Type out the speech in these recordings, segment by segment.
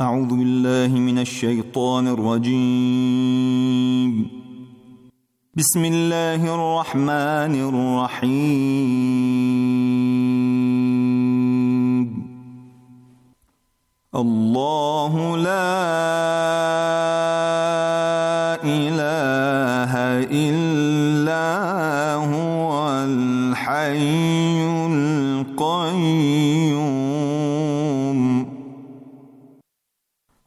أعوذ بالله من الشيطان الرجيم بسم الله الرحمن الرحيم الله لا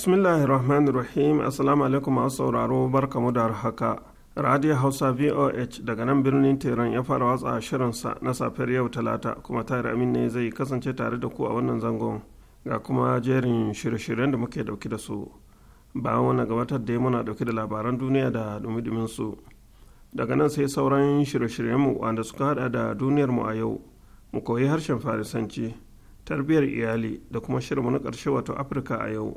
bismillahir rahmanir rahim assalamu alaikum masu sauraro barkamu da haka radio hausa voh daga nan birnin teran ya fara watsa shirinsa na safiyar yau talata kuma tare amin ne zai kasance tare da ku a wannan zangon ga kuma jerin shirye-shiryen da muke dauki da su bayan wani gabatar da muna dauki da labaran duniya da dumi su daga nan sai sauran shirye-shiryenmu wanda suka hada da duniyar mu a yau mu koyi harshen farisanci tarbiyyar iyali da kuma shirin na ƙarshe wato afirka a yau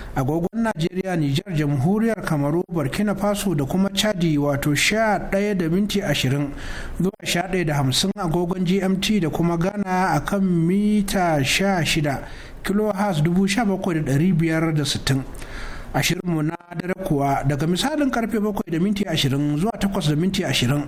agogon najeriya nijar jamhuriyar kamaru burkina faso da kuma chadi wato sha ɗaya da minti ashirin zuwa sha ɗaya da hamsin agogon gmt da kuma ghana a kan mita shida dubu da sittin ashirinmu na dare kuwa daga misalin karfe bakwai da minti ashirin zuwa takwas da minti ashirin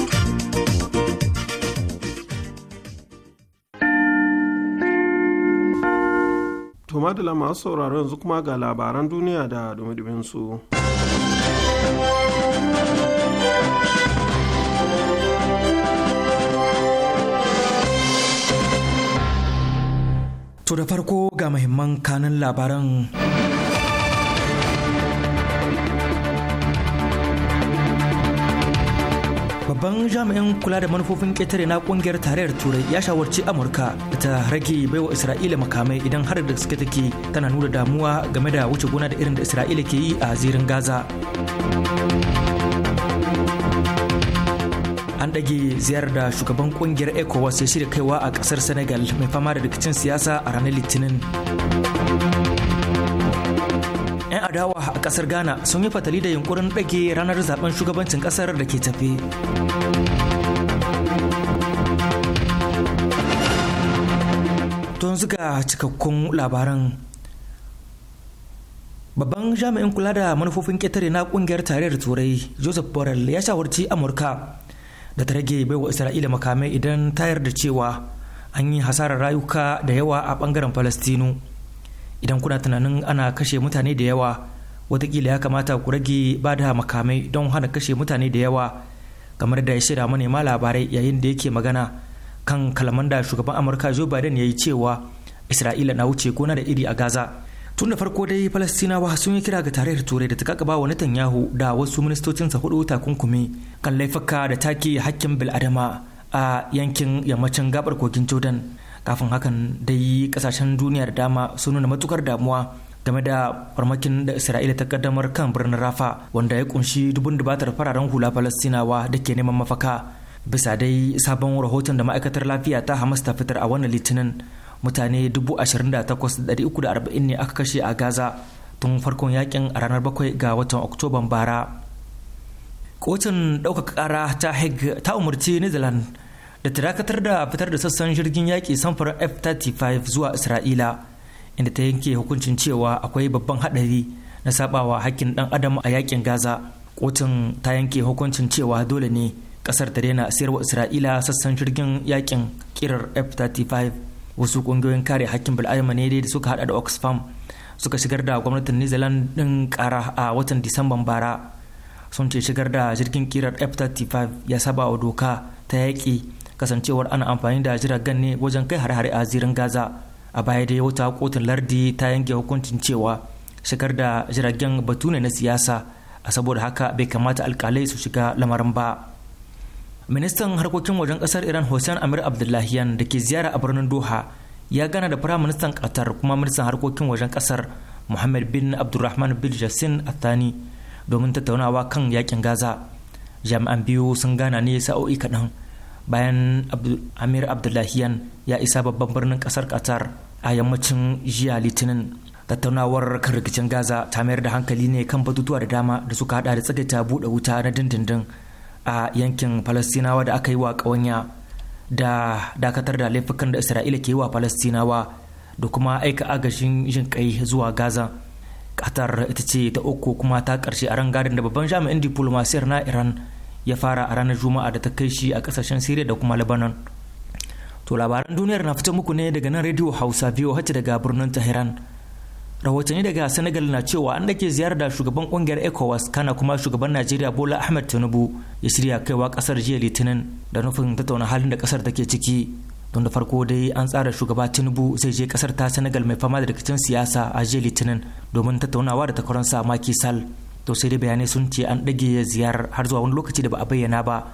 To madala masu sauraro yanzu kuma ga labaran duniya da dumi su. To da farko ga mahimman kanin labaran. babban jami'in kula da manufofin ƙetare na ƙungiyar tarayyar turai ya shawarci amurka da ta rage baiwa isra'ila makamai idan har da suka take tana nuna damuwa game da wuce gona da irin da isra'ila ke yi a zirin gaza an ɗage ziyarar da shugaban kungiyar ecowas ya shirya kaiwa a ƙasar senegal mai fama da rikicin siyasa a ranar litinin 'yan adawa a kasar ghana sun yi fatali da yunkurin ɗage ranar zaben shugabancin kasar da ke tafe don zuga cikakkun labaran babban jami'in kula da manufofin ƙetare na ƙungiyar tarayyar turai joseph borrell ya shawarci amurka da ta rage baiwa isra'ila makamai idan tayar da cewa an yi hasarar rayuka da yawa a ɓangaren falastinu idan kuna tunanin ana kashe mutane da yawa watakila ya kamata ku rage ba da makamai don hana kashe mutane da yawa kamar da ya shirya manema labarai yayin da yake magana kan kalaman da shugaban amurka joe biden ya yi cewa isra'ila na wuce gona da iri a gaza tun da farko dai falastinawa sun yi kira ga tarayyar turai da ta kakaba wa netanyahu da wasu ministocinsa hudu takunkumi kan laifuka da take hakkin bil'adama a yankin yammacin gabar kogin jordan kafin hakan dai kasashen duniya da dama sun nuna matukar damuwa game da farmakin da isra'ila ta kaddamar kan birnin rafa wanda ya kunshi dubun dubatar fararen hula falastinawa da ke neman mafaka bisa dai sabon rahoton da ma'aikatar lafiya ta hamas ta fitar a wannan litinin mutane da arba'in ne aka kashe a gaza tun farkon yakin a ranar bakwai ga watan oktoban bara kotun ɗaukaka ƙara ta hague ta umarci netherlands da ta dakatar da fitar da sassan jirgin yaƙi samfurin f-35 zuwa isra'ila inda ta yanke hukuncin cewa akwai babban haɗari na sabawa hakkin ɗan adam a yaƙin gaza kotun ta yanke hukuncin cewa dole ne ƙasar ta daina sayarwa isra'ila sassan jirgin yaƙin ƙirar f-35 wasu ƙungiyoyin kare hakkin bil'adama ne da suka hada da oxfam suka shigar da gwamnatin new zealand ɗin ƙara a watan disamban bara sun ce shigar da jirgin kirar f-35 ya saba wa doka ta yaƙi kasancewar ana amfani da jiragen ne wajen kai hare-hare a zirin gaza a baya dai wata kotun lardi ta yanke hukuncin cewa shigar da jiragen batu ne na siyasa a saboda haka bai kamata alkalai su shiga lamarin ba ministan harkokin wajen kasar iran hussein amir abdullahiyan da ke ziyara a birnin doha ya gana da firaministan qatar kuma ministan harkokin wajen kasar muhammad bin abdulrahman bin jassin athani domin tattaunawa kan yakin gaza jami'an biyu sun gana ne sa'o'i kaɗan bayan amir abdullahiyan ya isa babban birnin kasar qatar a yammacin jiya litinin tattaunawar kan rikicin gaza ta mayar da hankali ne kan batutuwa da dama da suka hada da tsagaita buɗe wuta na dindindin a yankin falastinawa da aka yi wa ƙawanya da dakatar da laifukan da isra'ila ke yi wa falastinawa da kuma aika agashin yin kai zuwa gaza qatar ita ce ta uku kuma ta karshe a rangadin da babban jami'in diplomasiyar na iran ya fara a ranar juma'a da ta kai shi a kasashen syria da kuma lebanon to labaran duniyar na fito muku ne daga nan radio hausa biyu hacci daga birnin tehran rahotanni daga senegal na cewa an dake ziyarar da shugaban kungiyar ecowas kana kuma shugaban najeriya bola ahmed tinubu ya shirya kaiwa kasar jiya litinin da nufin tattauna halin da kasar take ciki don da farko dai an tsara shugaba tinubu zai je kasar ta senegal mai fama da rikicin siyasa a jiya litinin domin tattaunawa da takwaransa maki sal to sai dai bayanai sun ce an ɗage ziyarar har zuwa wani lokaci da ba a bayyana ba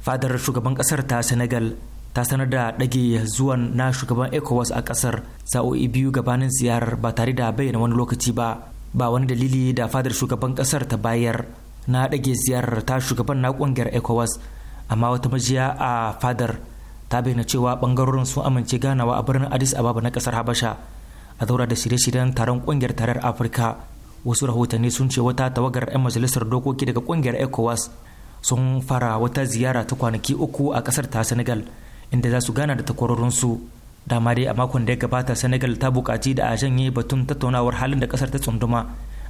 fadar shugaban kasar ta senegal ta sanar da ɗage zuwan na shugaban ecowas a kasar sa'o'i biyu gabanin ziyarar ba tare da bayyana wani lokaci ba ba wani dalili da fadar shugaban kasar ta bayar na ɗage ziyarar ta shugaban na ƙungiyar ecowas amma wata majiya a fadar ta bayyana cewa ɓangarorin sun amince ganawa a birnin addis ababa na ƙasar habasha a zaura da shirye-shiryen taron ƙungiyar tarar afirka wasu rahotanni sun ce wata tawagar 'yan majalisar dokoki daga kungiyar ecowas sun fara wata ziyara ta kwanaki uku a kasar ta senegal inda za su gana da takwarorinsu dama dai a makon da ya gabata senegal ta bukaci da a janye batun tattaunawar halin da kasar ta tsunduma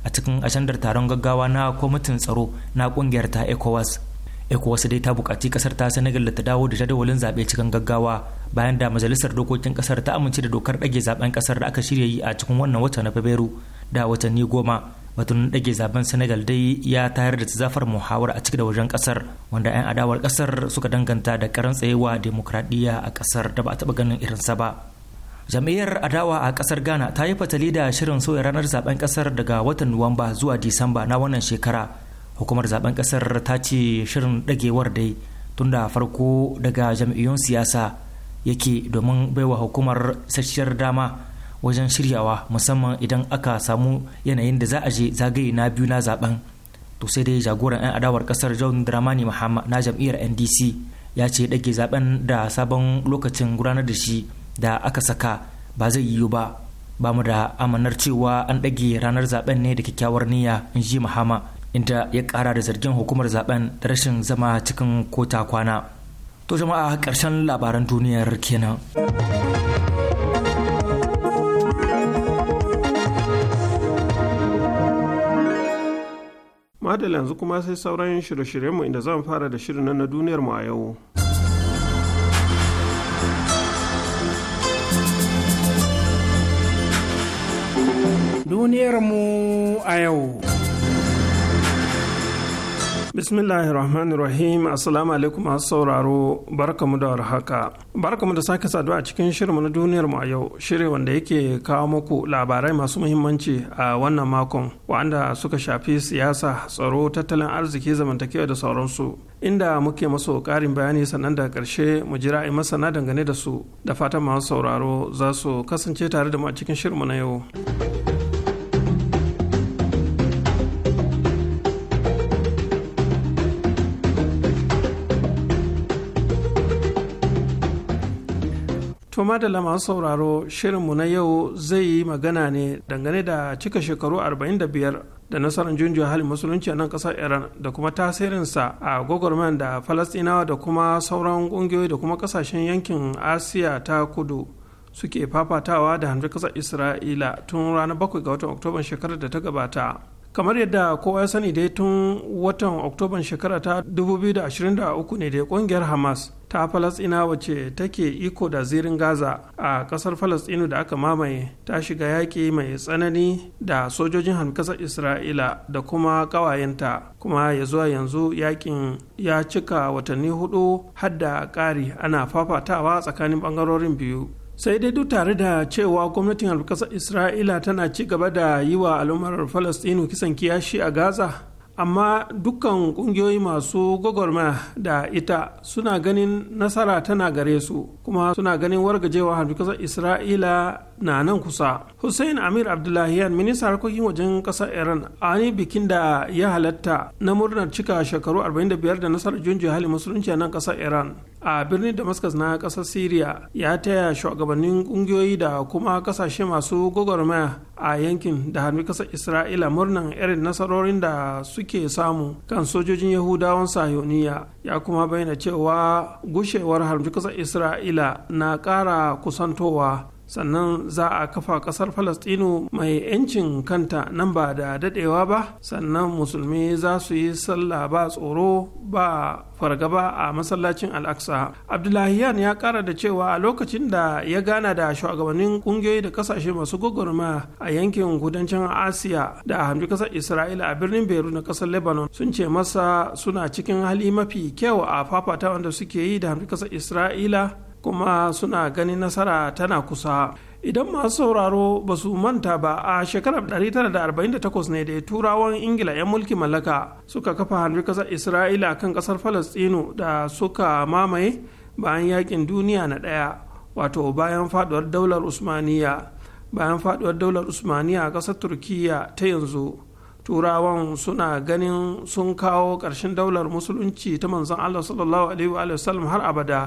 a cikin ajandar taron gaggawa na kwamitin tsaro na kungiyar ta ecowas ecowas dai ta bukaci kasar ta senegal da ta dawo da jadawalin zaɓe cikin gaggawa bayan da majalisar dokokin kasar ta amince da dokar ɗage zaben kasar da aka shirya yi a cikin wannan wata na fabrairu da watanni goma batun dage zaben senegal dai ya tayar da zafar muhawar a cikin da wajen kasar wanda 'yan adawar kasar suka danganta da karan tsayewa demokradiyya a kasar da ba a taɓa ganin irinsa ba jam'iyyar adawa a kasar ghana ta yi fatali da shirin sauya ranar zaben kasar daga watan nuwamba zuwa disamba na wannan shekara hukumar zaben kasar ta ce shirin dagewar dai tun da farko daga jam'iyyun siyasa yake domin baiwa hukumar sashiyar dama wajen shiryawa musamman idan aka samu yanayin da za a je zagaye na biyu na zaben to sai dai jagoran 'yan adawar kasar john dramani mahama na jam'iyyar ndc ya ce dage zaben da sabon lokacin gudanar da shi da aka saka ba zai yiwu ba ba mu da amanar cewa an dage ranar zaben ne da kyakkyawar niyya in ji mahama inda ya kara da zargin hukumar zaben da rashin zama cikin kota kwana to jama'a karshen labaran duniyar kenan. madala yanzu kuma sai sauran shirye-shiryenmu inda zan fara da shirin na duniyar mu a yau duniyar mu a yau bismillahi Rahmanir Rahim. Assalamu alaikum masu sauraro. Barkamu da warhaka. Barkamu da sake saduwa a cikin shirinmu na duniyar mu a yau. Shirin wanda yake kawo muku labarai masu muhimmanci a wannan makon wanda suka shafi siyasa, tsaro, tattalin arziki, zamantakewa da sauransu. Inda muke masu ƙarin bayani sannan da ƙarshe mu jira a masana dangane da su. Da fatan masu sauraro za su kasance tare da mu a cikin shirinmu na yau. To madalla masu sauraro shirinmu na yau zai yi magana ne dangane da cika shekaru 45 da nasarar junjiyar halin musulunci a nan kasar Iran da kuma tasirinsa a gwagwarmayar da Falastinawa da kuma sauran ƙungiyoyi da kuma ƙasashen yankin Asiya ta kudu suke fafatawa da hanjar ƙasar Isra'ila tun ranar 7 ga watan Oktoban shekarar da ta gabata. kamar yadda kowa ya sani dai tun watan oktoban shekara ta 2023 ne da kungiyar hamas ta falasina wace take iko da zirin gaza a ƙasar falasɗinu da aka mamaye ta shiga yaki mai tsanani da sojojin hankasar isra'ila da kuma ƙawayenta kuma ya zuwa yanzu yakin ya cika watanni hudu hadda ƙari ana fafatawa tsakanin ɓangarorin biyu sai dai duk tare da cewa gwamnatin alkasar isra'ila tana ci gaba da yi wa al'ummar falastinu kisan kiyashi a gaza amma dukkan kungiyoyi masu gwagwarmaya da ita suna ganin nasara tana gare su kuma suna ganin wargajewa harbi kasar isra'ila na nan kusa hussein amir abdullahian ministan harkokin wajen kasar iran a wani bikin da ya halatta na murnar cika shekaru 45 da nasarar junji hali musulunci a nan kasar iran a birnin damascus na kasar syria ya taya shugabannin kungiyoyi da kuma kasashe masu gwagwarmaya a yankin da harbi kasar isra'ila murnar irin nasarorin da suke samu kan sojojin yahudawan Sahuniya, ya kuma bayyana cewa gushewar harbi kasar isra'ila na ƙara kusantowa sannan za a kafa kasar falastinu mai 'yancin kanta nan ba da daɗewa ba sannan musulmi za su yi sallah ba tsoro ba fargaba a masallacin al'aqsa abdullahiyan ya ƙara da cewa a lokacin da ya gana da shugabannin ƙungiyoyi da ƙasashe masu gwagwarma a yankin kudancin asiya da hamdu kasar isra'ila a birnin beru na ƙasar lebanon sun ce masa suna cikin hali mafi kyau a fafata wanda suke yi da hamdu kasar isra'ila kuma suna ganin nasara tana kusa idan masu sauraro ba su manta ba a shekarar 1948 ne da turawan ingila 'yan mulki mallaka suka kafa hannu kasar isra'ila kan kasar falastinu da suka mamaye bayan yakin duniya na ɗaya wato bayan faduwar daular usmaniya bayan faduwar daular usmaniya a kasar turkiya ta yanzu turawan suna ganin sun kawo ƙarshen daular musulunci ta manzon allah sallallahu alaihi wa sallam har abada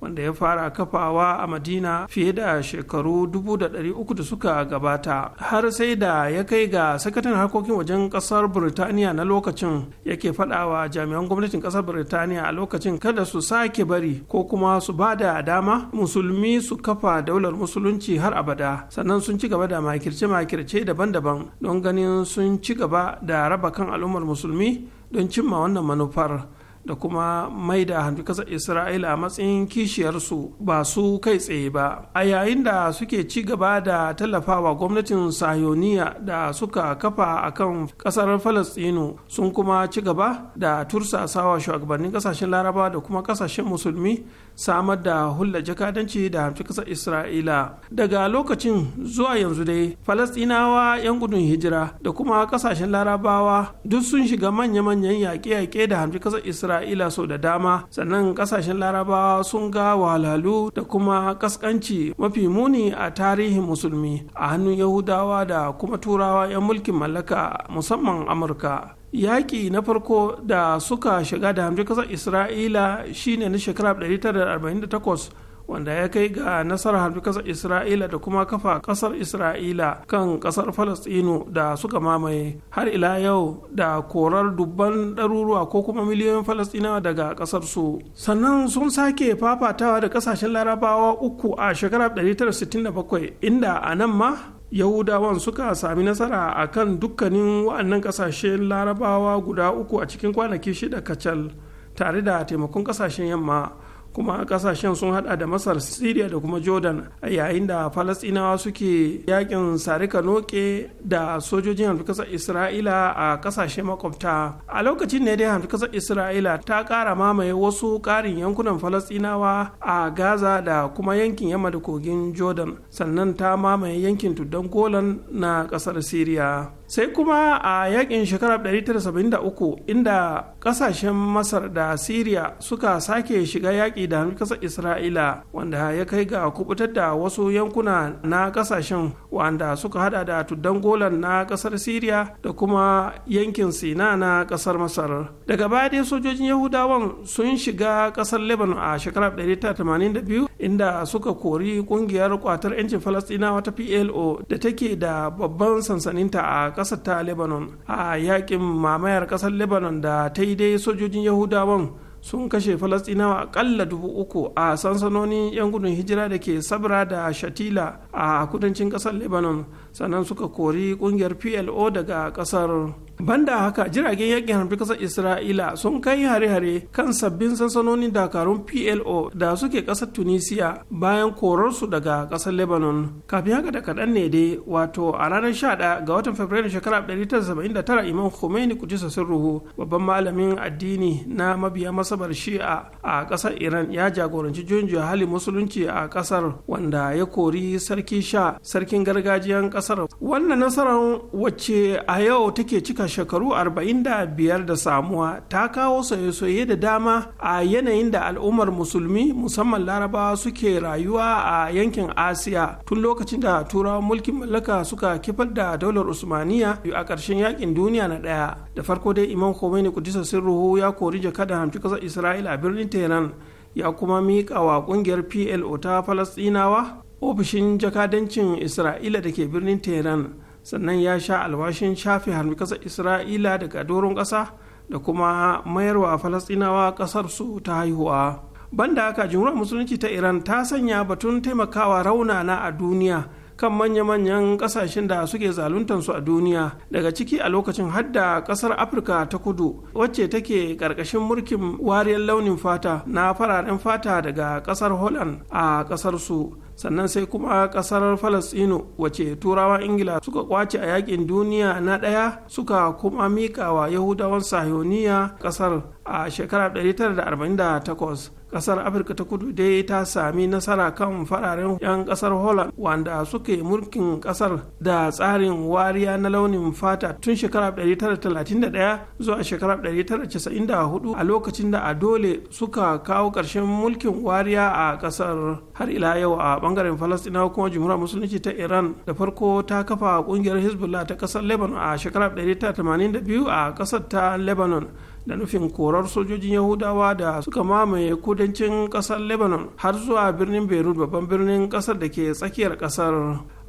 wanda ya fara kafawa a madina fiye da shekaru 300 da suka gabata har sai da ya kai ga sakataren harkokin wajen kasar birtaniya na lokacin yake fadawa jami'an gwamnatin kasar birtaniya a lokacin kada su sake bari ko kuma su ba da dama musulmi su kafa daular musulunci har abada sannan sun ci gaba da makirce-makirce daban-daban don ganin sun ci gaba da raba kan al'ummar musulmi don cimma wannan manufar da kuma mai da hannu kasar isra'ila a matsayin kishiyarsu ba su kai tsaye ba a yayin da suke ci gaba da tallafawa gwamnatin sayoniya da suka kafa a kan kasar falastinu sun kuma ci gaba da tursasawa shugabannin kasashen laraba da kuma kasashen musulmi samar da hulla jakadanci da hamci kasar isra'ila daga lokacin zuwa yanzu dai falastinawa 'yan gudun hijira da kuma kasashen larabawa duk sun shiga manya-manyan yaƙe-yaƙe da hamci kasar isra'ila isra'ila sau da dama sannan kasashen larabawa sun ga walalu da kuma kaskanci mafi muni a tarihin musulmi a hannun yahudawa da kuma turawa 'yan mulkin mallaka musamman amurka yaƙi na farko da suka shiga da hamji kasar isra'ila shine na shekara 1948 wanda ya kai ga nasarar harbi kasar isra'ila da kuma kafa kasar isra'ila kan kasar falastinu da suka mamaye har ila yau da korar dubban ɗaruruwa ko kuma miliyoyin falastinawa daga kasar su sannan sun sake fafatawa da kasashen larabawa uku a shekarar 1967 inda a nan ma yahudawan suka sami nasara a kan dukkanin wa'annan kasashen larabawa guda uku a cikin kwanaki shida kacal tare da taimakon kasashen yamma kuma kasashen sun hada da masar syria da kuma jordan a yayin da falasinawa suke yakin sarika noke da sojojin kasar isra'ila a kasashe makwabta a lokacin ne dai kasar isra'ila ta kara mamaye wasu karin yankunan falasinawa a gaza da kuma yankin yamma da kogin jordan sannan ta mamaye yankin tuddan golan na kasar syria sai kuma a yakin shekarar 1973 inda kasashen masar da syria suka sake shiga yaƙi da kasar isra'ila wanda ya kai ga kubutar da wasu yankuna na kasashen wanda suka hada da tuddan golan na kasar syria da kuma yankin sina na kasar masar daga baya dai sojojin yahudawan sun shiga kasar lebanon a shekarar 1982 inda suka kori kungiyar kwatar 'yancin falastinawa ta plo da take da babban sansaninta a kasar ta lebanon a yakin mamayar ƙasar lebanon da ta yi dai sojojin yahudawan sun kashe falastinawa akalla dubu uku a sansanonin 'yan gudun hijira da ke sabra da shatila a kudancin ƙasar lebanon sannan suka kori ƙungiyar plo daga ƙasar banda haka jiragen yakin harbi kasar isra'ila sun kai hare-hare kan sabbin sansanonin dakarun plo da suke kasar tunisia bayan korarsu daga kasar lebanon kafin haka da kaɗan ne dai wato a ranar 11 ga watan fabrairu shekara 1979 imam khomeini kudisa sirruhu babban malamin addini na mabiya masabar shi'a a kasar iran ya jagoranci junjiya hali musulunci a kasar wanda ya kori sarki sha sarkin gargajiyan kasar wannan nasarar wacce a yau take cika a shekaru 45 da samuwa ta kawo soye-soye da dama a yanayin da al'ummar musulmi musamman larabawa suke rayuwa a yankin asiya tun lokacin da turawan mulkin mallaka suka kifar da daular usmaniya a ƙarshen yakin duniya na ɗaya da farko dai imam khomeini kudisa sirruhu ya kori jakada hamci ƙasar isra'ila a birnin tehran ya kuma miƙa wa ƙungiyar plo ta falastinawa ofishin jakadancin isra'ila da ke birnin tehran sannan ya sha alwashin shafe hannu ƙasar isra'ila daga doron ƙasa da kuma mayarwa falasɗinawa ƙasar su ta haihuwa banda haka jumhuriyar musulunci ta iran ta sanya batun taimakawa raunana a duniya kan manya-manyan kasashen da suke zaluntansu a duniya daga ciki a lokacin hadda kasar afirka ta kudu wacce take karkashin mulkin wariyar launin fata na fararen fata daga kasar holland a kasar su sannan sai kuma kasar falastino wace turawa ingila suka kwace a yakin duniya na ɗaya suka kuma mika yahudawan sahioniya kasar a shekarar 1948 kasar afirka ta kudu dai ta sami nasara kan fararen 'yan kasar holland wanda suke mulkin kasar da tsarin wariya na launin fata tun shekarar 1931 zuwa shekarar 1994 a lokacin da a dole suka kawo ƙarshen mulkin wariya a kasar har ila yau a bangaren falastinawa kuma jumhuriyar musulunci ta iran da farko ta kafa kungiyar hezbollah ta kasar lebanon a shekarar 1982 a kasar ta lebanon da nufin korar sojojin yahudawa da suka mamaye kudancin kasar lebanon har zuwa birnin beirut babban birnin kasar da ke tsakiyar kasar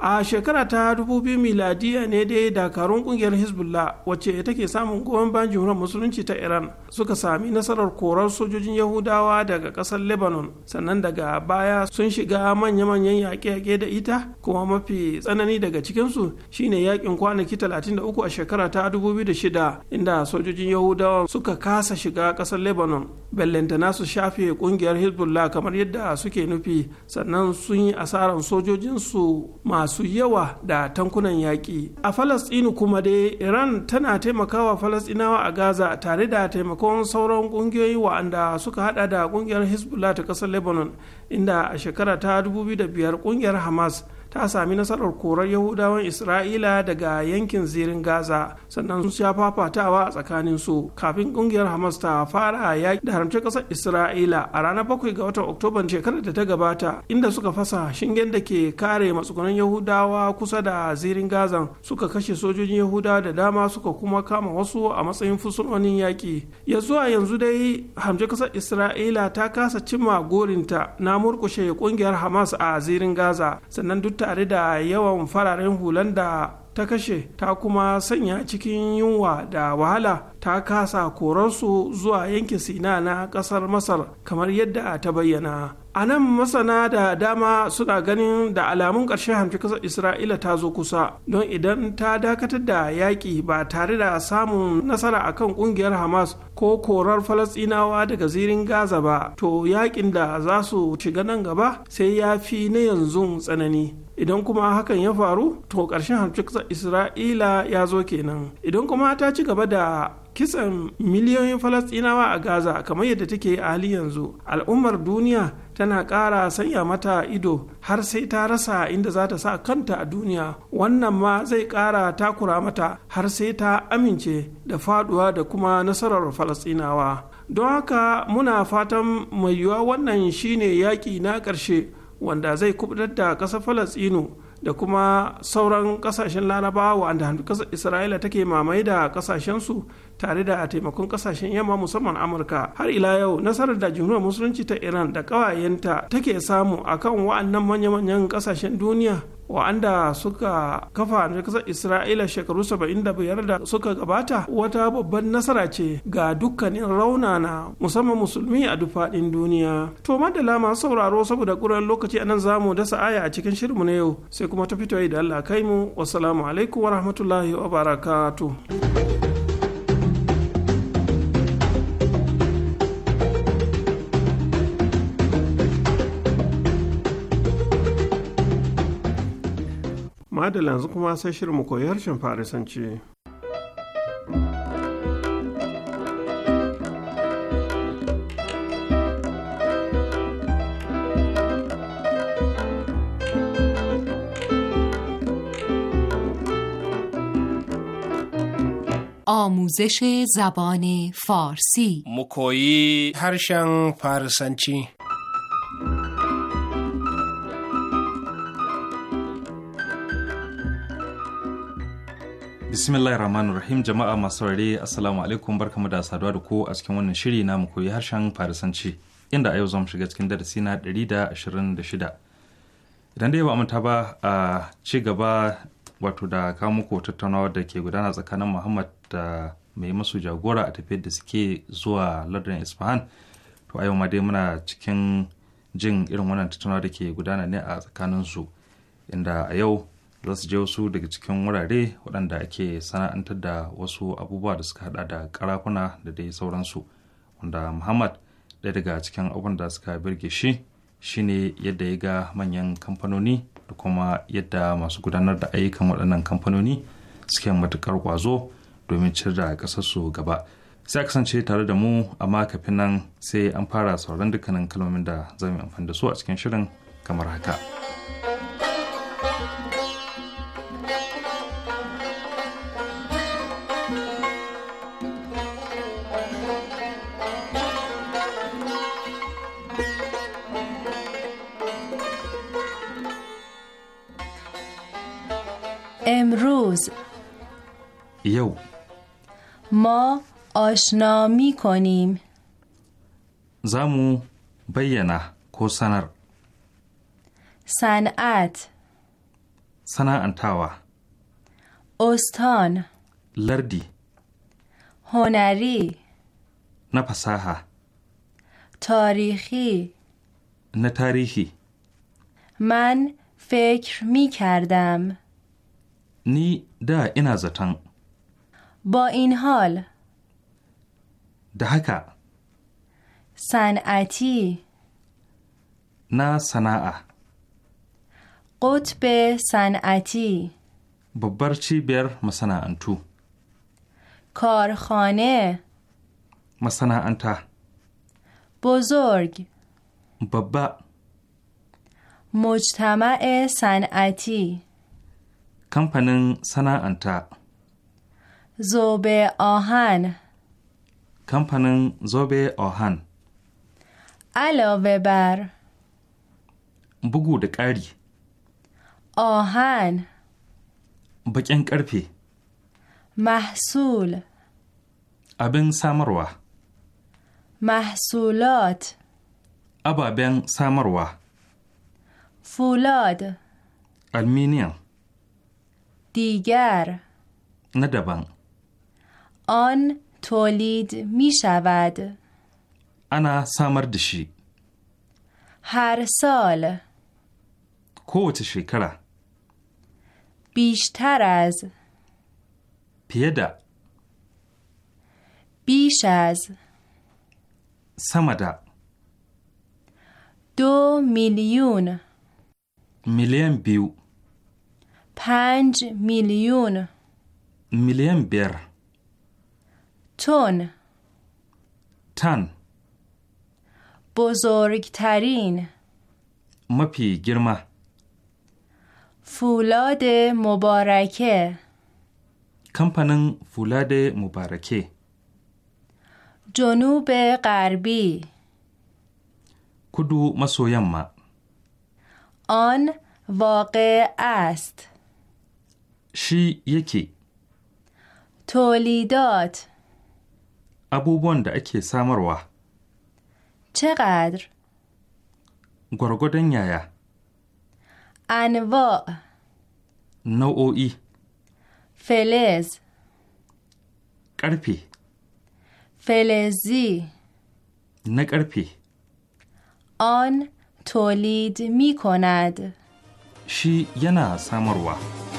a shekara ta 2000 miladiya ne dai dakarun kungiyar hezbollah wacce take samun goyon bayan jumhuriyar musulunci ta iran suka sami nasarar korar sojojin yahudawa daga kasar lebanon sannan daga baya sun shiga manya-manyan yaƙe-yaƙe da ita kuma mafi tsanani daga cikinsu shine yaƙin kwanaki 33 a shekara ta 2006 inda sojojin yahudawa suka kasa shiga kasar lebanon bellantana su shafe kungiyar hezbollah kamar yadda suke nufi sannan sun yi asarar sojojinsu masu masu yawa da tankunan yaƙi a falasɗinu kuma dai iran tana taimakawa falasɗinawa a gaza tare da taimakon sauran ƙungiyoyi wa'anda suka hada da ƙungiyar hezbollah ta ƙasar lebanon inda a shekara ta 2005 ƙungiyar hamas ta sami nasarar korar yahudawan isra'ila daga yankin zirin gaza sannan sun sha fafatawa a tsakanin su kafin kungiyar hamas ta fara yaki da haramce kasar isra'ila a ranar bakwai ga watan oktoban shekarar da ta gabata inda suka fasa shingen da ke kare matsugunan yahudawa kusa da zirin -gaza suka kashe sojojin yahudawa da dama suka kuma kama wasu a matsayin fusulonin yaki ya zuwa yanzu dai haramce kasar isra'ila ta kasa cimma gorinta na murkushe kungiyar hamas a zirin gaza sannan duk tare da yawan fararen hulan da ta kashe ta kuma sanya cikin yunwa da wahala ta kasa koransu zuwa yankin sina na kasar masar kamar yadda ta bayyana a nan masana da dama suna ganin da alamun ƙarshen hamfi ƙasar isra'ila ta zo kusa don idan ta dakatar da yaƙi ba tare da samun nasara a kan ƙungiyar hamas ko korar falasɗinawa daga zirin gaza ba to yaƙin da za su shiga nan gaba sai ya fi na yanzu tsanani idan kuma hakan ya faru to ƙarshen hamfi ƙasar isra'ila ya zo kenan idan kuma ta ci gaba da kisan miliyoyin falasɗinawa a gaza kamar yadda take a hali yanzu al'ummar duniya tana ƙara sanya mata ido har sai ta rasa inda za ta sa kanta a duniya wannan ma zai ƙara takura mata har sai ta amince da faduwa da kuma nasarar falasɗinawa don haka muna fatan mai yiwuwa wannan shine yaƙi na ƙarshe wanda zai kubutar da ƙasar falasinu da kuma sauran kasashen larabawa wanda kasar isra'ila take mamaye da kasashensu tare da taimakon kasashen yamma musamman amurka har ila yau nasarar da jumhuriyar musulunci ta iran da ƙawayenta take samu akan wa'annan manya-manyan kasashen duniya wa'anda suka kafa na kasar isra'ila shekaru 75 da suka gabata wata babban nasara ce ga dukkanin raunana musamman musulmi a dufaɗin faɗin duniya to madala masu sauraro saboda ƙuran lokaci a nan zamu dasa aya a cikin shirinmu na yau sai kuma ta fito da allah kai mu wasu alaikum wa rahmatullahi wa barakatuh da yanzu kuma sai shirin mu koyi harshen farisanci آموزش زبان فارسی مکویی هرشن فارسنچی rahim jama'a masu saurare assalamu alaikum barkamu da saduwa da ku a cikin wannan shiri na mu koyi harshen Farisanci inda a yau zamu shiga cikin darasi na 126. Idan dai ba manta ba a ci gaba wato da kawo muku tattaunawa da ke gudana tsakanin Muhammad da mai masu jagora a tafiyar da suke zuwa lardin Isfahan. To a yau ma dai muna cikin jin irin wannan tattaunawa da ke gudana ne a tsakanin su inda a yau za su je wasu daga cikin wurare waɗanda ake sana'antar da wasu abubuwa da suka hada da karafuna da dai sauransu wanda muhammad ɗaya daga cikin abubuwan da suka birge shi shine yadda ya ga manyan kamfanoni da kuma yadda masu gudanar da ayyukan waɗannan kamfanoni suke matukar ƙwazo domin cire da ƙasarsu gaba sai a kasance tare da mu amma kafin nan sai an fara sauran dukkanin kalmomin da zan yi amfani da su a cikin shirin kamar haka. یو ما آشنا می کنیم زمو بیانه کو سنر صنعت انتوا استان لردی هنری نه تاریخی نتاریخی من فکر می کردم نی دا اینا زتن با این حال دهکا صنعتی نه صناعه قطب صنعتی ببرچی بیر مسنعانتو کارخانه مسنعانتا بزرگ ببا مجتمع صنعتی کمپنین صنعانتا zobe ohan kamfanin zobe ohan alobe bar bugu da ƙari ohan baƙin ƙarfe mahsul abin samarwa mahsulot ababen samarwa fulod alminiyan digar na daban آن تولید می شود انا سامردشی هر سال کوتشی کلا. بیشتر از پیدا بیش از سمدا دو میلیون میلیون بیو پنج میلیون میلیون بیر تون تن بزرگترین مپی گرمه فولاد مبارکه کمپنن فولاد مبارکه جنوب غربی کدو مسویم آن واقع است شی یکی تولیدات abubuwan da ake samarwa. چقدر؟ gwargwadon yaya. Anvo. Nau'o'i. Felez. Ƙarfe. Felezi. Na ƙarfe. On tolid mikonad. Shi yana samarwa.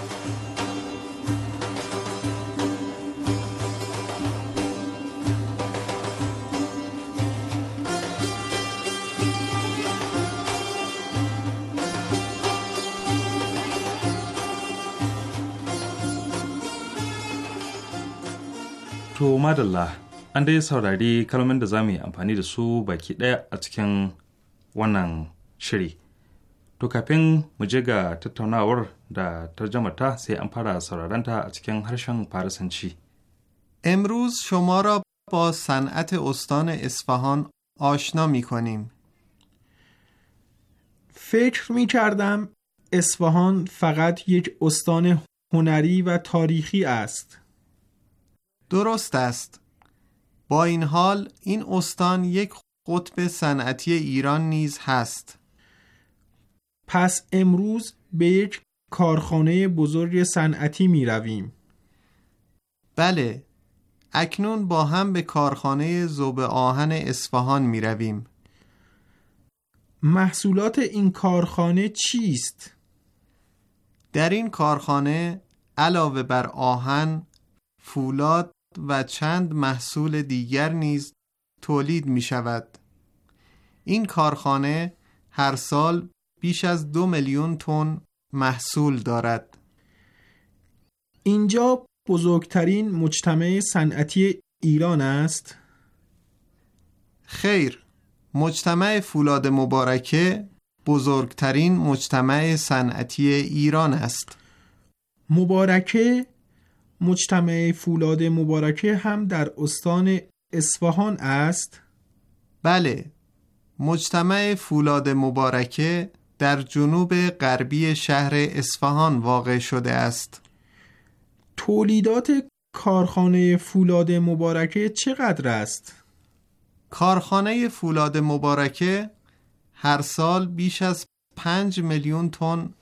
To madalla, an dai saurari kalmomin da za mu yi amfani da su baki ɗaya a cikin wannan shiri. To kafin mu je ga tattaunawar da tarjamata sai an fara saurarenta a cikin harshen Farisanci. امروز شما را با صنعت استان اصفهان آشنا می کنیم. فکر می کردم اصفهان فقط یک استان هنری و تاریخی است. درست است با این حال این استان یک قطب صنعتی ایران نیز هست پس امروز به یک کارخانه بزرگ صنعتی می رویم بله اکنون با هم به کارخانه زوب آهن اصفهان می رویم محصولات این کارخانه چیست؟ در این کارخانه علاوه بر آهن، فولاد و چند محصول دیگر نیز تولید می شود. این کارخانه هر سال بیش از دو میلیون تن محصول دارد. اینجا بزرگترین مجتمع صنعتی ایران است؟ خیر، مجتمع فولاد مبارکه بزرگترین مجتمع صنعتی ایران است. مبارکه مجتمع فولاد مبارکه هم در استان اصفهان است؟ بله مجتمع فولاد مبارکه در جنوب غربی شهر اصفهان واقع شده است تولیدات کارخانه فولاد مبارکه چقدر است؟ کارخانه فولاد مبارکه هر سال بیش از 5 میلیون تن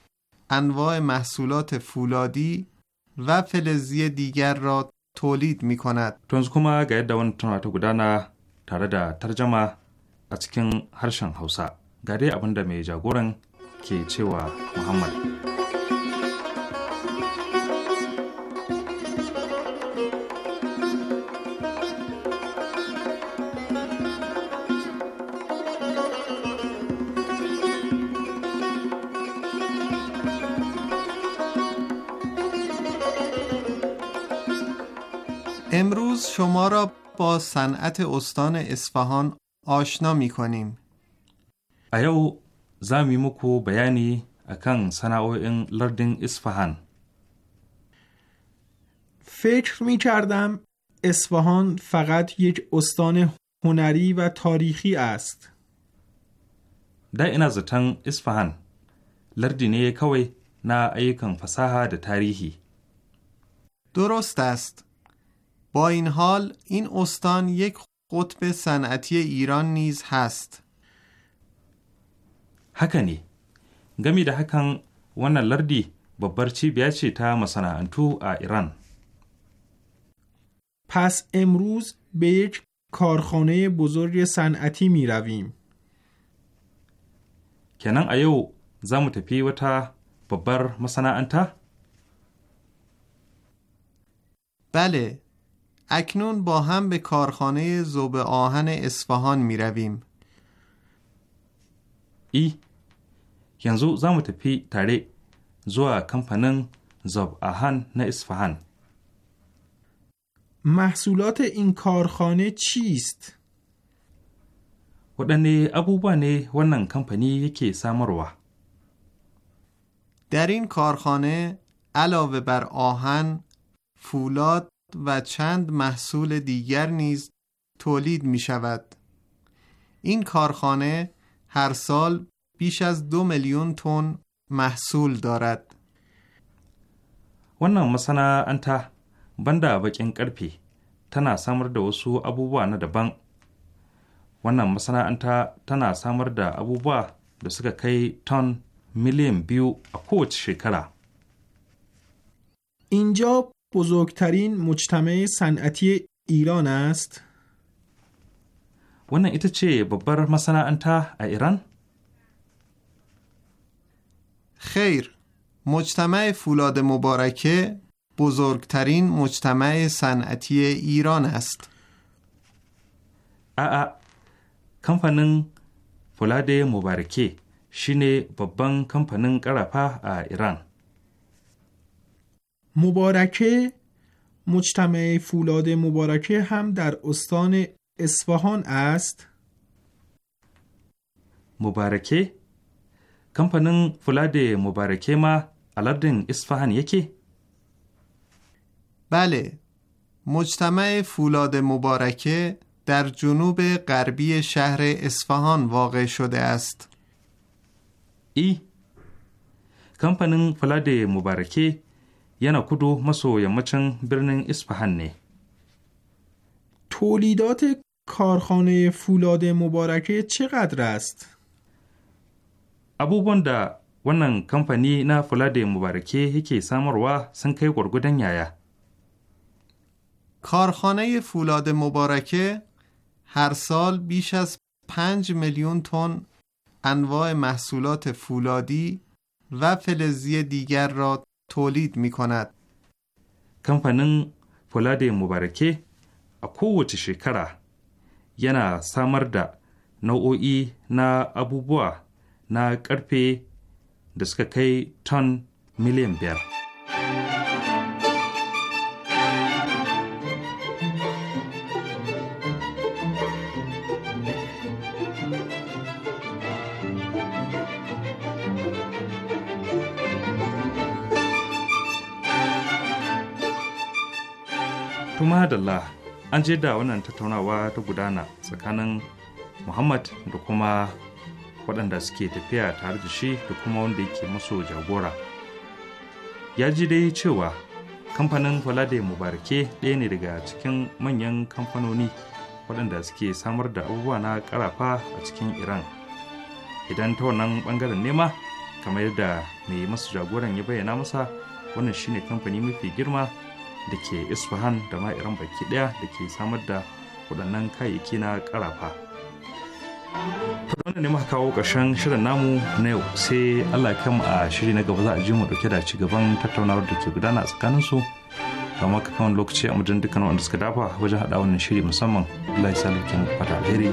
انواع محصولات فولادی و فلزی دیگر را تولید می کند. تونز کما گاید دوان تنوات گدانا تاردا ترجمه از کن هرشن حوصا گاری ابنده می جاگورن که چه و محمد. شما را با صنعت استان اصفهان آشنا می کنیم. او زمی مکو بیانی اکن این لردین اصفهان فکر می کردم اصفهان فقط یک استان هنری و تاریخی است. ده اینا زتن اصفهان لردینه نه کوی نا ایکن فساها ده تاریخی درست است. با این حال این استان یک قطب صنعتی ایران نیز هست haka ne gami da با برچی lardi تا cibiya ce ایران. پس امروز به یک کارخانه بزرگ صنعتی می رویم. کنن ایو زمو تپی و تا ببر مسنا انتا؟ بله اکنون با هم به کارخانه زوب آهن اصفهان می رویم. ای ینزو زمت پی تاری زوا کمپنین زوب آهن نه اصفهان محصولات این کارخانه چیست؟ ودنی abubuwa ونن wannan کمپنی yake samarwa در این کارخانه علاوه بر آهن فولاد و چند محصول دیگر نیز تولید می شود. این کارخانه هر سال بیش از دو میلیون تن محصول دارد. wannan masana'anta banda bakin karfe tana samar da wasu abubuwa na daban wannan masana'anta tana samar da abubuwa da suka kai ton miliyan biyu a kowace shekara اینجا بزرگترین مجتمع صنعتی ایران است؟ wannan ita ce babbar masana'anta a Iran? خیر مجتمع فولاد مبارکه بزرگترین مجتمع صنعتی ایران است. a'a kamfanin fulade mubarake shine babban kamfanin ƙarafa a iran مبارکه مجتمع فولاد مبارکه هم در استان اصفهان است مبارکه کمپنن فولاد مبارکه ما الردن اصفهان یکی بله مجتمع فولاد مبارکه در جنوب غربی شهر اصفهان واقع شده است ای کمپنن فولاد مبارکه yana kudu maso yammacin birnin تولیدات کارخانه فولاد مبارکه چقدر است؟ ابو da wannan کمپنی نه فولاد مبارکه yake samarwa sun kai gwargudan کارخانه فولاد مبارکه هر سال بیش از 5 میلیون تن انواع محصولات فولادی و فلزی دیگر را تولید می کند. کمپنین فولاد a kowace shekara yana samar da nau'o'i na abubuwa na karfe da suka kai ton miliyan biyar. madalla an je da wannan tattaunawa ta gudana tsakanin muhammad da kuma waɗanda suke tafiya tare da shi da kuma wanda yake musu jagora ya ji dai cewa kamfanin falade mubarake ɗaya ne daga cikin manyan kamfanoni waɗanda suke samar da abubuwa na ƙarafa a cikin iran idan ta wannan ɓangaren nema kamar yadda mai masu jagoran ya bayyana masa wannan shine kamfani mafi girma da ke isfahan da mairan baki daya da ke samar da waɗannan kayayyaki na ƙarafa wannan ne muka kawo ƙarshen shirin namu na yau sai allah ya a shiri na gaba za a ji mu dauke da ci gaban tattaunawar da ke gudana a tsakaninsu kama ka kan lokaci a mutum dukkan wanda suka dafa wajen haɗa wannan shiri musamman Allah ya sa lokacin fata alheri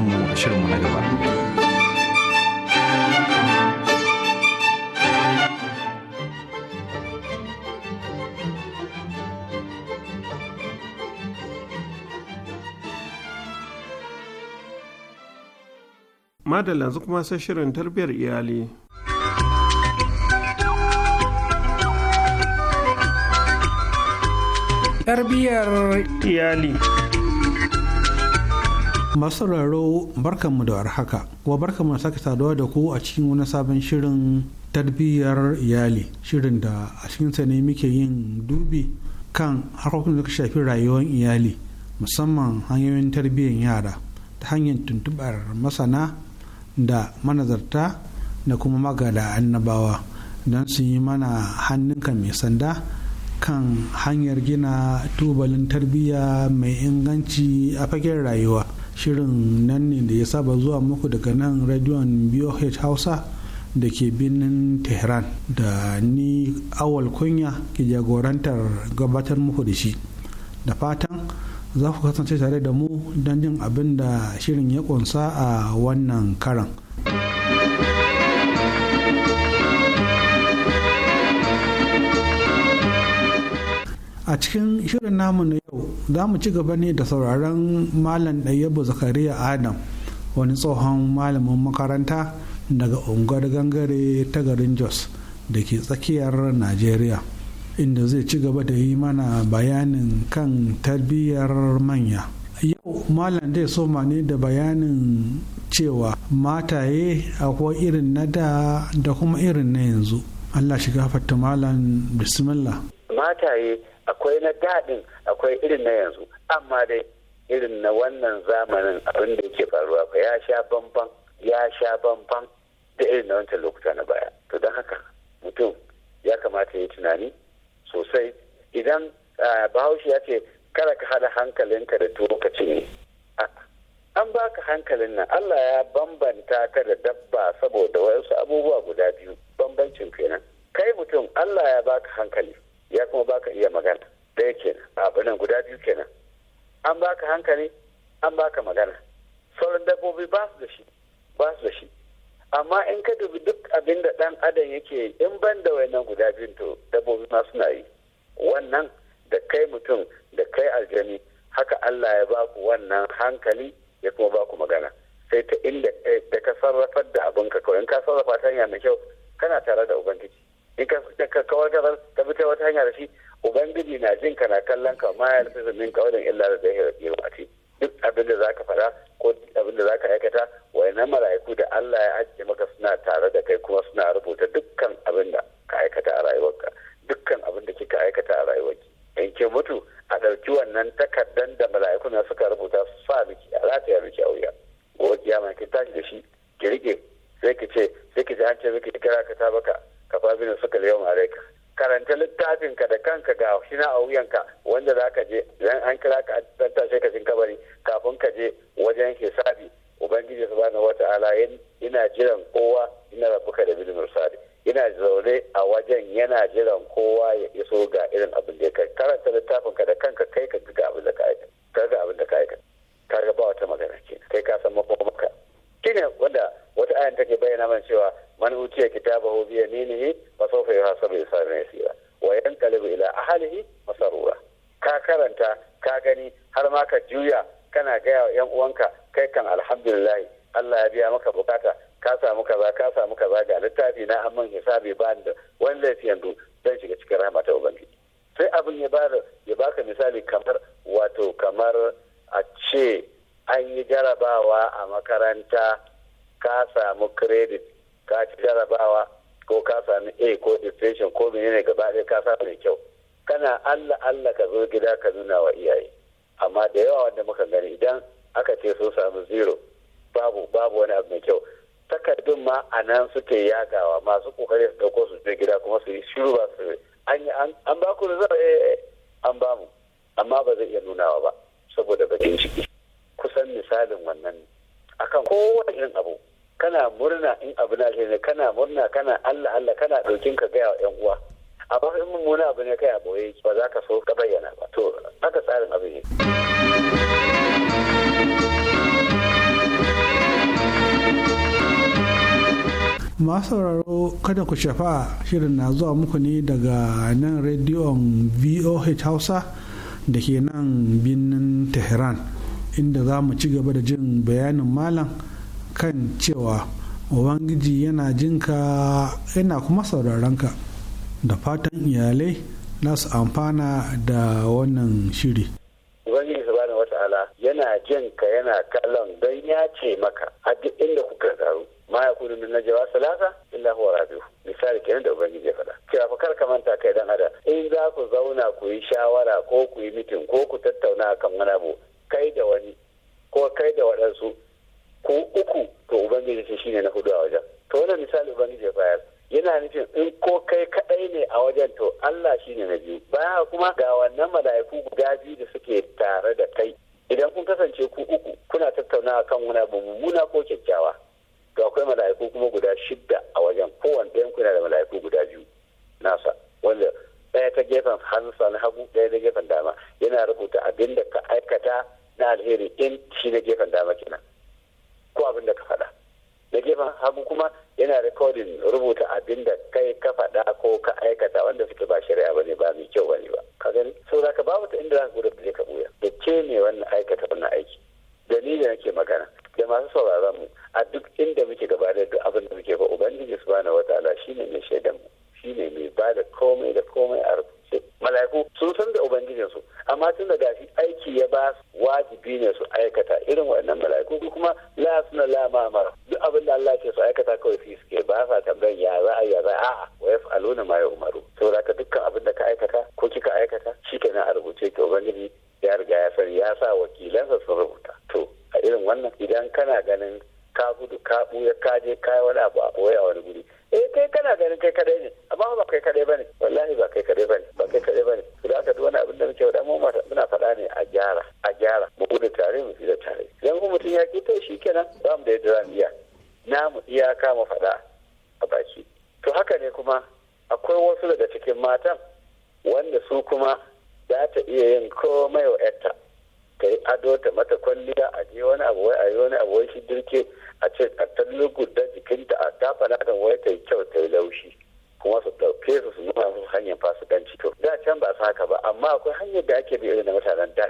mu a shirinmu na gaba. da yanzu kuma sai shirin tarbiyyar iyali tarbiyyar iyali masu sauraro barkanmu da warhaka kuma barkanmu da sake saduwa da ku a cikin wani sabon shirin tarbiyyar iyali shirin da a cikinsa ne muke yin dubi kan harkokin da suka shafi rayuwar iyali musamman hanyoyin tarbiyyar yara ta hanyar tuntubar masana da manazarta da kuma magada annabawa don su yi mana hannunka mai sanda kan hanyar gina tubalin tarbiyya mai inganci a fagen rayuwa shirin nan ne da ya saba zuwa muku daga nan rediyon boh hausa da ke birnin tehran da ni awal kunya ke jagorantar gabatar muku da shi da fatan za ku kasance tare da mu don jin abin da shirin ya kunsa a wannan karan. a cikin shirin namu na yau za mu ci gaba ne da sauraron malam ɗayyabu zakariya adam wani tsohon malamin makaranta daga unguwar gangare ta garin jos da ke tsakiyar najeriya inda zai ci gaba da yi mana bayanin kan tarbiyyar manya yau malam dai ma ne da bayanin cewa mataye akwai irin na da da kuma irin na yanzu allah shiga fata malam bismillah mataye akwai na daɗin akwai irin na yanzu amma da irin na wannan zamanin abin da yake faruwa ba ya sha bamban ya sha bamban da irin na wancan lokuta na baya to don haka mutum ya kamata ya tunani sosai idan ah, bahaushe ya ce kada ka hada hankalinka da tuwo ka cinye an baka hankalin nan Allah ya bambanta ka da dabba saboda wasu abubuwa guda biyu bambancin kenan kai mutum Allah ya baka hankali ya kuma baka iya magana ɗaya kenan abu nan guda biyu kenan an baka hankali an baka magana sauran dabbobi ba su da shi ba su da shi amma in ka dubi duk abin da ɗan adam yake in ban da wayannan guda biyun to dabbobi ma suna yi wannan da kai mutum da kai aljani haka Allah ya ba ku wannan hankali ya kuma ba ku magana sai ta inda eh, da ka sarrafa da abin ka kawai in ka sarrafa ta hanya mai kyau kana tare da ubangiji in ka kawar ka ta bi ta wata hanya da shi ubangiji na jin kana kallon ka ma ya lafi zumin kawalin illa da zai yi wa ce duk abin da za ka fara ko duk abin da za ka aikata waina mala'iku da Allah ya ajiye maka suna tare da kai kuma suna rubuta dukkan abin da ka aikata a rayuwarka dukkan abin da kika aikata a rayuwarki in ke mutu a ɗauki wannan takardan da mala'ikun na suka rubuta su sa miki a rataya miki a wuya ya kiyama ki tashi da shi ki rike sai ki ce sai ki ji an ce miki kira ka ta baka kafa bin suka yau alaika karanta littafin ka da kanka ga shina a a wuyanka wanda za ka je zan an kira ka a tashe ka kabari kafin ka je wajen hisabi ubangiji subhanahu wata'ala ina jiran kowa ina rabu ka da bil mursali ina zaune a wajen yana jiran kowa ya iso ga irin abin da ya kai karanta littafin ka da kanka kai ka ga abin da ka ka ga abin da ka aikata kaga ba wata magana ce kai ka san maka shine wanda wata ayan take bayyana mana cewa man utiya ne bi yaminihi fa sawfa yuhasabu hisaban ba wa kalibu ila ahlihi masrura ka karanta ka gani har ma ka juya kana gaya wa yan uwanka kai kan alhamdulillah Allah ya biya maka bukata ka samu kaza ka samu kaza ga littafi na amman hisabi ba da wani laifi yanzu zan shiga cikin rahama ta sai abin ya bada ya baka misali kamar wato kamar a ce an yi jarabawa a makaranta ka samu kiredit ka ci jarabawa ko ka sami a ko depression ko ne gaba ɗaya ka samu mai kyau kana allah allah ka zo gida ka nuna wa iyaye amma da yawa wanda muka gani idan aka ce sun samu zero babu babu wani abu mai kyau takardun ma a nan suke yagawa masu kokari su dauko su je gida kuma su yi shiru ba su an ba ku da eh, eh, eh, an ba mu amma ba zai iya nunawa ba saboda bakin ciki kusan misalin wannan akan kowane irin abu kana murna in abu na ne kana murna kana Allah Allah kana ɗaukin ka gaya wa 'yan uwa amma in mummuna abu ne kai a boye ba za ka so ka bayyana ba to haka tsarin abu ne. masu sauraro kada ku shafa shirin na zuwa muku ne daga nan rediyon voh hausa da ke nan birnin tehran inda za mu ci gaba da jin bayanin malam kan cewa ubangiji yana jinka yana kuma ka da fatan iyalai na su amfana da wannan shiri ubangiji subhanahu wata'ala yana jinka yana kallon don ya ce maka a duk inda kuka taru ma ya kudu najawa salasa illa huwa rabiu misali kenan da ubangiji ya faɗa kira fa kar ka manta kai dan adam in za ku zauna ku yi shawara ko ku yi mitin ko ku tattauna kan wani abu kai da wani ko kai da waɗansu ko uku to ubangiji shi shine na hudu a wajen to wannan misali ubangiji ya bayar yana nufin in ko kai kadai ne a wajen to Allah shine na biyu baya kuma ga wannan mala'iku guda biyu da suke tare da kai idan kun kasance ku uku kuna tattaunawa kan wani abu mummuna ko kyakkyawa to akwai mala'iku kuma guda shidda a wajen kowanne ɗayan kuna da mala'iku guda biyu nasa wanda ɗaya ta gefen hannunsa na hagu ɗaya ta gefen dama yana rubuta abinda ka aikata na alheri in shi na gefen dama kenan ko abin da ka faɗa da gefen hagu kuma yana rikodin rubuta abin da kai ka faɗa ko ka aikata wanda suke ba shari'a ne ba mai kyau ba ne ba ka gani so da ka babu ta inda za ka gudu da ka buya da ke ne wannan aikata wannan aiki da ni da nake magana da masu sauraron mu a duk inda muke gabatar da abin da muke ba ubangiji subhanahu wataala shine mai shaidan mu shine mai ba da komai da komai a rubutu mala'iku sun san da ubangijinsu amma tun da gashi aiki ya ba wajibi ne su aikata irin waɗannan mala'iku kuma la suna la duk abin da Allah ke su aikata kawai su suke ba sa tambayan ya za a ya za a wa yaf'aluna ma umaru saboda ka dukkan abin da ka aikata ko kika aikata shi shikenan a rubuce ki ubangiji ya riga ya sani ya sa wakilansa sun rubuta to a irin wannan idan kana ganin ka gudu ka ɓuya ka je ka wani abu a ɓoye a wani guri eh kai kana ganin kai kadai ne amma ba kai kadai bane wallahi ba kai kadai bane ba kai kadai bane to da duk wani abin da muke faɗa mu muna faɗa ne a gyara a gyara mu gudu tare mu da tare idan kuma mutum ya ki to shikenan za mu da yadda za mu iya namu iyaka mu faɗa a baki to haka ne kuma akwai wasu daga cikin matan wanda su kuma za ta iya yin komai wa yarta ta yi ado ta mata kwalliya a je wani abu wai a yi wani abu wai shi dirke a ce a tallugu da jikinta ta faɗa da wai ta yi kyau ta yi laushi kuma su ɗauke su su nuna su hanyar fasikanci to da can ba su haka ba amma akwai hanyar da ake bi irin na mutanen da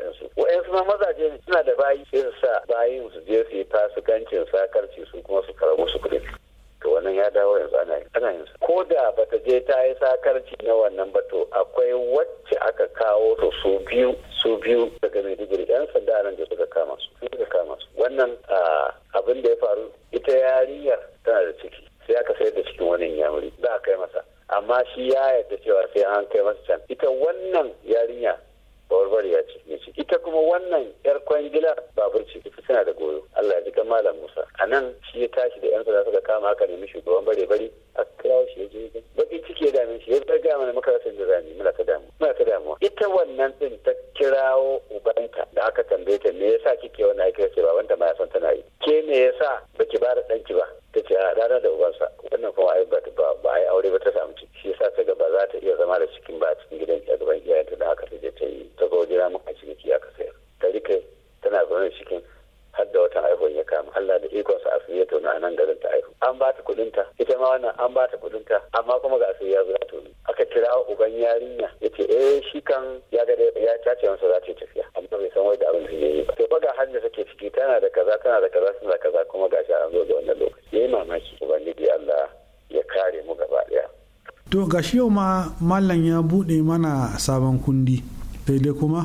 gashi yau ma mallam ya buɗe mana sabon kundi daidai kuma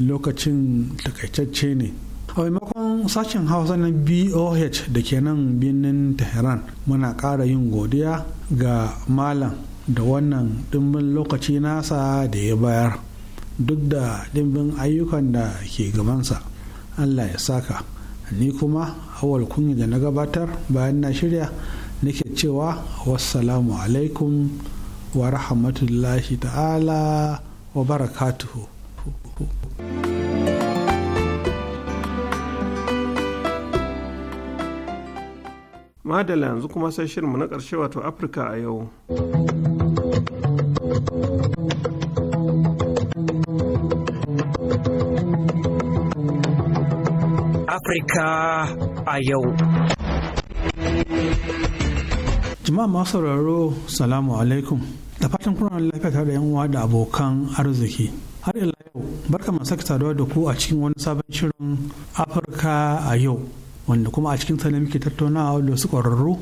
lokacin takaitacce ne a maimakon sashen hausa na boh da ke nan birnin tehran muna ƙara yin godiya ga malam da wannan ɗimbin lokaci nasa da ya bayar duk da ɗimbin ayyukan da ke gabansa allah ya saka ni kuma awal kunya da na gabatar bayan na shirya nake cewa wassalamu alaikum wa rahmatullahi ta'ala wa barakatuhu madala yanzu kuma sai shirinmu na ƙarshe wato afirka a yau afirka a yau Jima'a masu sauraro salamu alaikum da fatan kuna lafiya tare da uwa da abokan arziki har ila yau barka masu saka saduwa da ku a cikin wani sabon shirin afirka a yau wanda kuma a cikin ne muke tattaunawa da su ƙwararru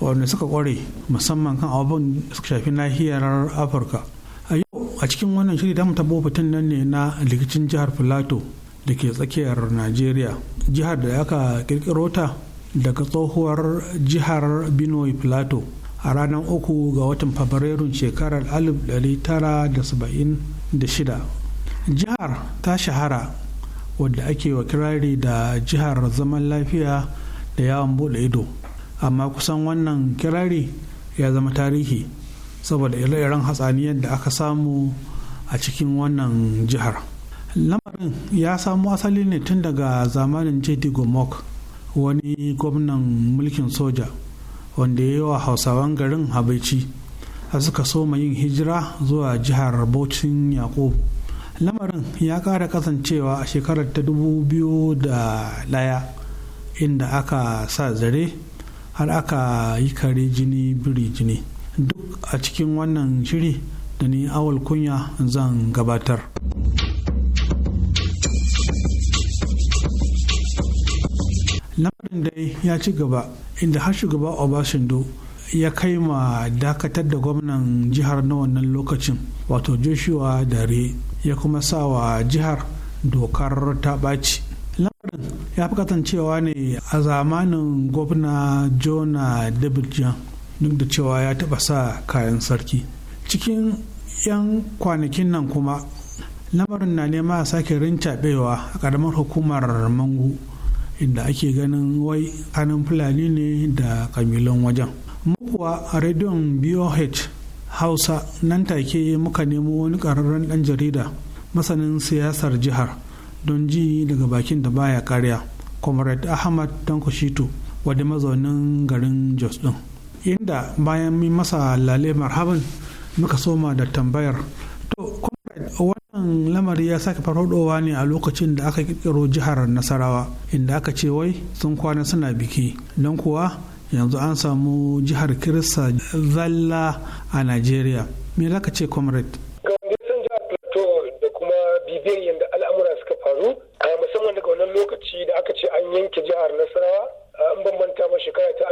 wanda suka kware musamman kan abubuwan da suka shafi nahiyar afirka a yau a cikin wannan shiri damu tabo fitin nan ne na likicin jihar filato da ke tsakiyar najeriya jihar da aka kirkiro ta daga tsohuwar jihar binoy filato a ranar uku ga watan fabrairun shekarar 1976 jihar ta shahara wadda ake wa kirari da jihar zaman lafiya da yawon bude ido amma kusan wannan kirari ya zama tarihi saboda ire-iren hatsaniyar da aka samu a cikin wannan jihar lamarin ya samo asali ne tun daga zamanin jd gomok wani gwamnan mulkin soja wanda ya yi wa hausawan garin habaici a suka soma yin hijira zuwa jihar bauchin yakub lamarin ya ƙara kasancewa a shekarar ta dubu biyu da ɗaya inda aka sa zare har aka yi kare jini biri jini duk a cikin wannan shiri da ni awal kunya zan gabatar. lamarin dai ya ci gaba inda har shugaba obasanjo ya kai ma dakatar da gwamnan jihar na wannan lokacin wato joshua dare ya kuma sa wa jihar dokar ta ɓaci lamarin ya fi katancewa ne a zamanin gwamna jona david john duk da cewa ya taɓa sa kayan sarki cikin 'yan kwanakin nan kuma lamarin na nema a sake rincaɓewa a ƙaramar hukumar mangu inda ake ganin wai kanan fulani ne da kabilan wajen mukuwa a rediyon boh hausa nan take muka nemo wani ƙararren ɗan jarida masanin siyasar jihar don ji daga bakin da baya karya comrade ahmad tankoshitu wadda mazaunin garin jos ɗin inda bayan masa lale marhaban muka soma da tambayar to comrade lamari ya sake farfadowa ne a lokacin da aka kirkiro jihar nasarawa inda aka ce wai sun kwana suna biki don kuwa yanzu an samu jihar kirista zalla a najeriya me za ka ce comrade da kuma bibiyar yadda al'amura suka faru musamman daga wannan lokaci da aka ce an yanke jihar nasarawa an bambanta ma shekara ta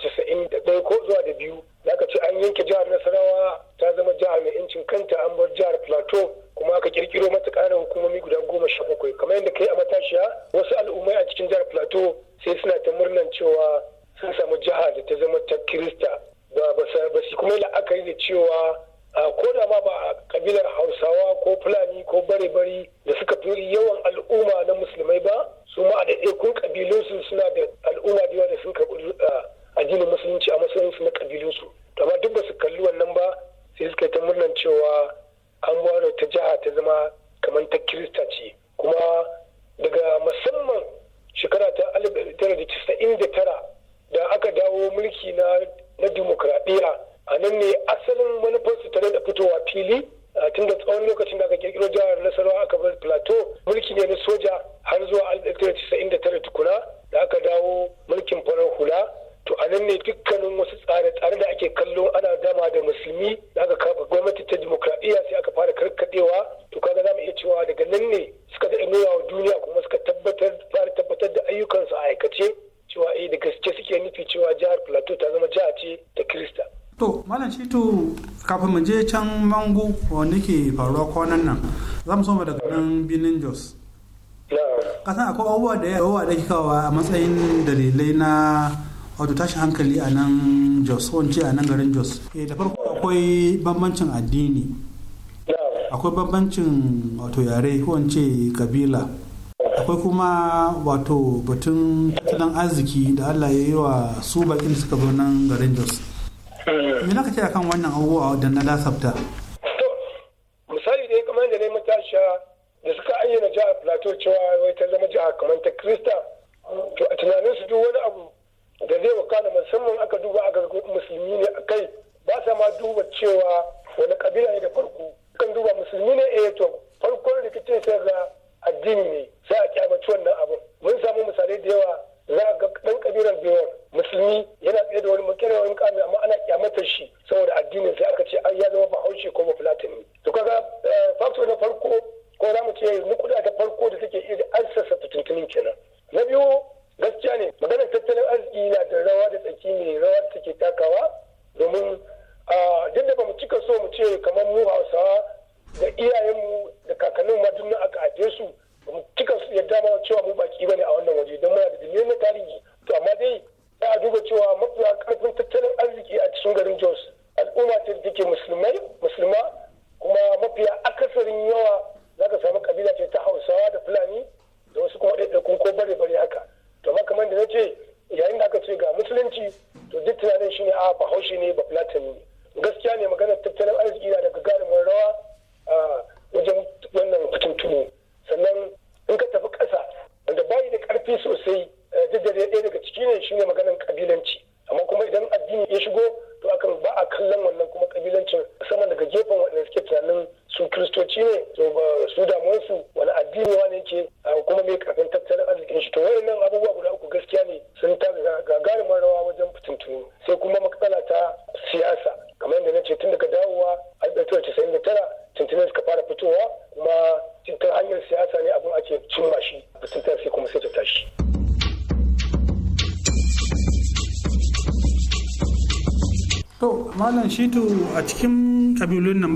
casa'in da ko zuwa da biyu da aka ce an yanke jihar nasarawa ta zama jihar mai 'yancin kanta an bar jihar plateau kuma aka kirkiro mata na hukumomi guda goma sha bakwai kamar yadda kai a matashiya wasu al'ummai a cikin jihar plateau sai suna ta murnan cewa sun samu jiha da ta zama ta kirista ba su kuma la'akari da cewa ko da ma ba a kabilar hausawa ko fulani ko bare-bari da suka fi yawan al'umma na musulmai ba su ma a ɗaiɗaikun kabilunsu suna da al'umma da yawa da sun karɓi addinin musulunci a matsayinsu na kabilunsu amma duk ba su kalli wannan ba sai suka yi ta murnan cewa an ware ta jiha ta zama kamar ta kirista ce kuma daga musamman shekara ta 1999 da aka dawo mulki na na a nan ne asalin manufarsu tare da fitowa fili tun da tsawon lokacin da aka kirkiro jihar nasarawa aka bar plateau mulki ne na soja har zuwa 1999 tukuna da aka dawo mulkin farar hula to a nan ne dukkanin wasu tsare-tsare da ake kallo ana dama da musulmi da aka kafa gwamnati ta dimokuraɗiyya sai aka fara karkadewa to kaga za mu iya cewa daga nan ne suka daɗa nuna wa duniya kuma suka tabbatar fara tabbatar da ayyukansu a aikace cewa eh da gaske suke nufi cewa jihar plateau ta zama jiha ce ta kirista to malam shitu kafin mu je can mangu wanda ke faruwa kwanan nan za mu soma daga nan binin jos kasan akwai abubuwa da yawa da kikawa a matsayin dalilai na wato tashin hankali a nan jos ko a nan garin jos eh, da farko akwai bambancin addini akwai bambancin wato yare ko kabila akwai kuma wato batun tattalin arziki da allah ya yi wa su bakin suka zo nan garin jos me na ce akan wannan abubuwa da na lasafta misali dai kamar da ne matasha da suka ayyana jihar plateau cewa wai ta zama jihar kamar ta krista to a tunanin su duk wani abu da zai wakana musamman aka duba aka musulmi ne a kai ba sa ma duba cewa wani kabila ne da farko kan duba musulmi ne eh to farkon rikicin sai ga addini ne sai a kyamaci wannan abu mun samu misalai da yawa za a ga dan kabilar biyar musulmi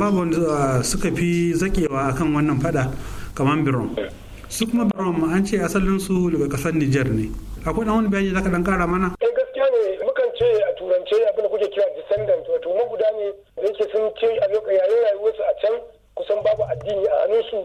babu uh, suka fi zakewa akan wannan fada kamar biron su kuma biron an ce asalin su daga kasar niger ne akwai dan wani bayani zaka dan kara mana eh gaskiya ne mukan ce a turance abin da kuke kira descendant wato maguda ne da yake sun ce a lokacin yayin rayuwarsu a can kusan babu addini a hannunsu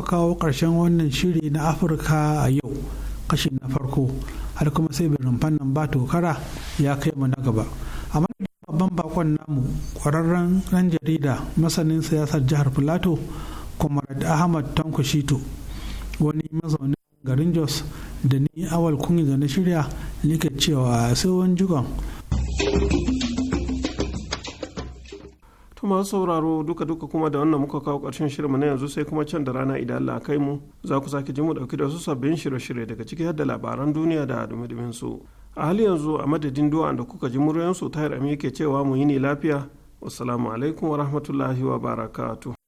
muka kawo ƙarshen wannan shiri na afirka a yau kashi na farko har kuma sai birnin fannin ba tokara ya kai mu na gaba a madadin babban bakon namu ƙwararren ɗan jarida masanin siyasar jihar filato kuma ahmad tankushito wani mazaunin garin jos da ni awal kunya da na shirya nake cewa sai wani jigon masu sauraro duka-duka kuma da wannan muka kawo ƙarshen shirinmu na yanzu sai kuma can da rana idan Allah kai mu za ku sake ji mu ɗauki da su sabbin shirye-shirye daga ciki har da labaran duniya da dumi su. A hali yanzu a madadin du'a da kuka ji muryoyin su tahir ke cewa mu yi ni lafiya. Wassalamu alaikum wa rahmatullahi wa barakatu.